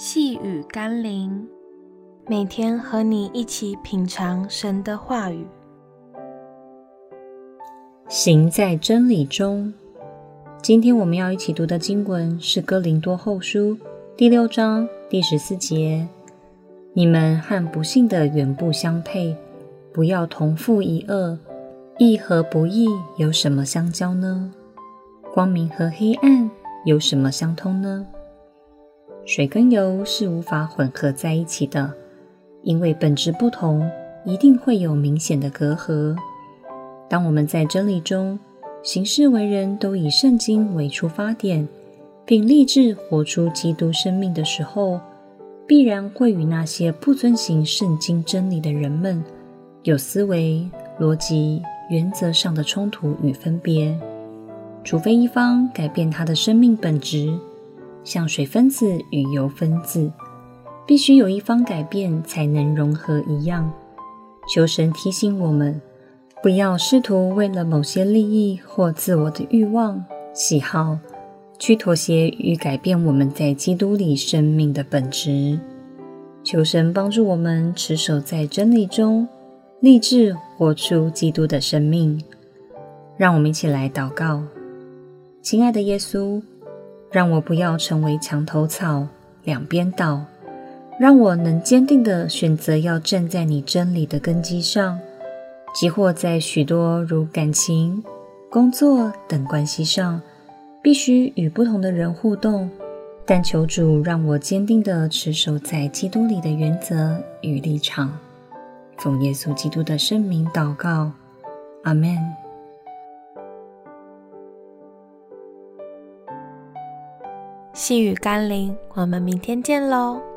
細語甘霖，每天和你一起品嘗神的話語。行在真理中。今天我們要一起讀的經文是《哥林多後書》第六章第十四節：“你們和不信的原不相配，不要同負一軛。義和不義有什麼相交呢？光明和黑暗有什麼相通呢？”水跟油是無法混合在一起的，因為本質不同，一定會有明顯的隔閡。當我們在真理中行事為人，都以聖經為出發點，並立志活出基督生命的時候，必然會與那些不遵行聖經真理的人們，有思維、邏輯、原則上的衝突與分別。除非一方改變他的生命本質。像水分子與油分子，必須有一方改變，才能融合一樣。求神提醒我們，不要試圖為了某些利益或自我的慾望、喜好，去妥協與改變我們在基督裡生命的本質。求神幫助我們持守在真理中，立志活出基督的生命。讓我們一起來禱告，親愛的耶穌。讓我不要成為牆頭草，兩邊倒；讓我能堅定的選擇要站在你真理的根基上。即或在許多如感情、工作等關係上，必須與不同的人互動，但求主讓我堅定地持守在基督裡的原則與立場。奉耶穌基督的聖名禱告，阿們！細語甘霖，我們明天見嘍。